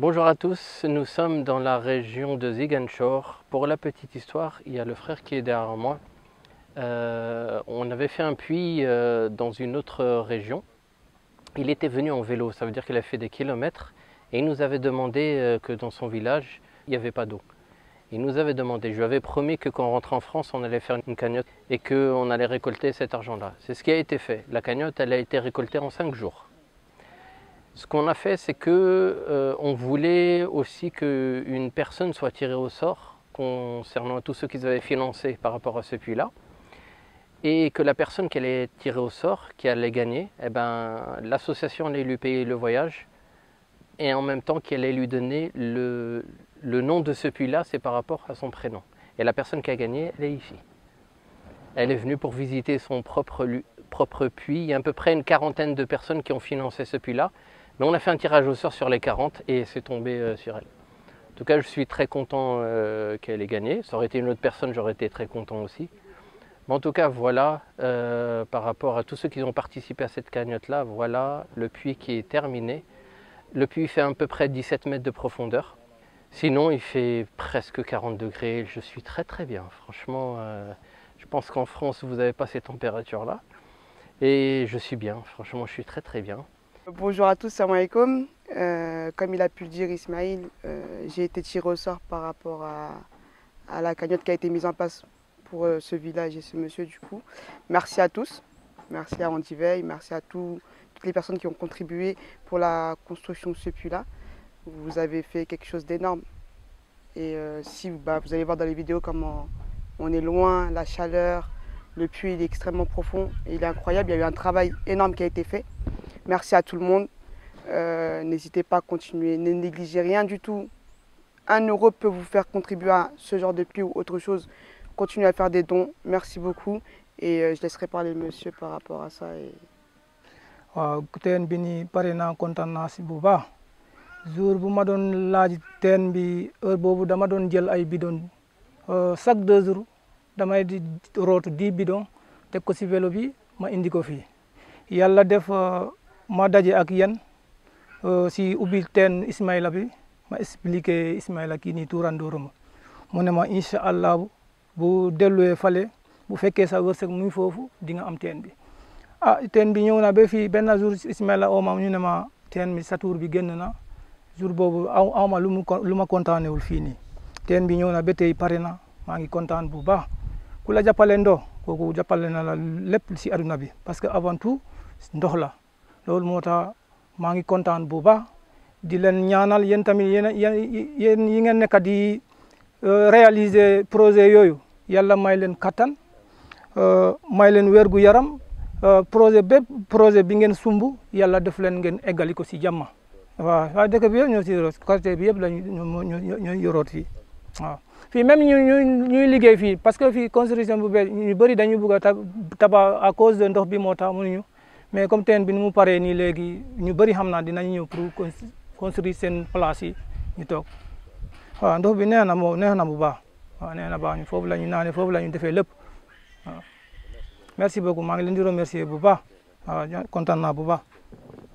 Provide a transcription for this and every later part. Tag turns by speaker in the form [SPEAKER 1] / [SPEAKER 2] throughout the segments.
[SPEAKER 1] Bonjour à tous, nous sommes dans la région de Ziegenschor. Pour la petite histoire, il y a le frère qui est derrière moi. Euh, on avait fait un puits euh, dans une autre région. Il était venu en vélo, ça veut dire qu'il a fait des kilomètres et il nous avait demandé euh, que dans son village, il n'y avait pas d'eau. Il nous avait demandé, je lui avais promis que quand on rentre en France, on allait faire une cagnotte et qu'on allait récolter cet argent-là. C'est ce qui a été fait. La cagnotte, elle a été récoltée en cinq jours. Ce qu'on a fait, c'est que euh, on voulait aussi qu'une personne soit tirée au sort concernant tous ceux qu'ils avaient financé par rapport à ce puits-là. Et que la personne qui allait tirer au sort, qui allait gagner, eh ben, l'association allait lui payer le voyage et en même temps qu'elle allait lui donner le, nom de ce puits-là, c'est par rapport à son prénom. Et la personne qui a gagné, elle est ici. Elle est venue pour visiter son propre, propre puits. Il y a à peu près une quarantaine de personnes qui ont financé ce puits-là. Mais on a fait un tirage au sort sur les 40 et c'est tombé euh, sur elle. En tout cas, je suis très content euh, qu'elle ait gagné. Ça aurait été une autre personne, j'aurais été très content aussi. Mais en tout cas, voilà, euh, par rapport à tous ceux qui ont participé à cette cagnotte-là, voilà le puits qui est terminé. Le puits fait à peu près 17 mètres de profondeur. Sinon, il fait presque 40 degrés. Je suis très très bien. Franchement, je pense qu'en France, vous n'avez pas ces températures-là. Et je suis bien. Franchement, je suis très très bien.
[SPEAKER 2] Bonjour à tous, c'est alaikum. Euh, comme il a pu le dire Ismail, euh, j'ai été tiré au sort par rapport à, la cagnotte qui a été mise en place pour euh, ce village et ce monsieur du coup. Merci à tous, merci à Andy merci à toutes les personnes qui ont contribué pour la construction de ce puits-là. Vous avez fait quelque chose d'énorme. Et euh, si bah, vous allez voir dans les vidéos comment on est loin, la chaleur, le puits est extrêmement profond, et il est incroyable, il y a eu un travail énorme qui a été fait. Merci à tout le monde. Euh, N'hésitez pas à continuer, ne négligez rien du tout. Un euro peut vous faire contribuer à ce genre de pluie ou autre chose. Continuez à faire des dons. Merci beaucoup. Et euh, je laisserai parler le monsieur par rapport à ça. Et...
[SPEAKER 3] waaw teen bi nii pare naa kontaan naa si bu baax jour bu ma doon laaj teen bi heure boobu dama doon jël ay bidon euh, chaque deux jours damay di rootu dix bidon teg ko si vélo bi ma indi ko fii la def euh, ma daje ak yéen euh, si ubbi teen Ismaila bi ma expliqué Ismaila kii nii tuurandóorama mu ne ma incha allah bu delluwee fale bu fekkee sa wërsëg muy foofu di nga am teen bi ah teen bi ñëw na ba fii benn jour Ismaila oo ma ñu ne ma teen bi satuur bi génn na jour boobu aw aw ma lu mu lu ma kontaanewul fii nii teen bi ñëw na ba tey pare na maa ngi kontaan bu baax ku la jàppale ndox kooku jàppale na la lépp si aduna bi parce que avant tout ndox la lol mota ma ngi kontaan bu ba di len ñaanal yeen tamit yeen yéen yi ngeen nekk di euh, réaliser projet yoyu yalla may katan euh may len wergu yaram euh, projet bépp projet bi ngeen sumbu yalla def len ngeen égaliko ci jamma wa wa dekk bi yëpp ñoo ci yoroot côté bi yëpp la ñoo rot fii wa fi même ñu ñu ñuy liggéey fi parce que fi construction bu bee ñu bëri dañu bëgg a tabax à cause de ndox bi moo tax ñu mais comme terrain bi ni mu paré ni légui ñu bari xamna dinañ ñëw pour construire sen place yi ñu tok wa ndox bi neex mo moom bu baax wa neex na baax ñu fofu lañu nané fofu lañu défé lepp defee merci beaucoup ma ngi leen di remercier bu baax wa content na bu baax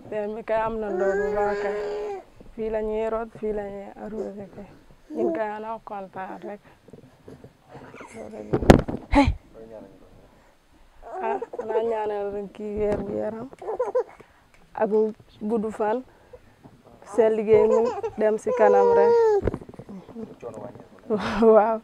[SPEAKER 1] teen mi kay amna na ndox bu baax kay fi lañu
[SPEAKER 2] yérod fi lañu arrosé kay ñu kay
[SPEAKER 1] ala content rek hey ah xanaa
[SPEAKER 2] ñaanal rek kii weer
[SPEAKER 1] bu yaram ak gudd fan seen liggéey mu dem si kanam rek waaw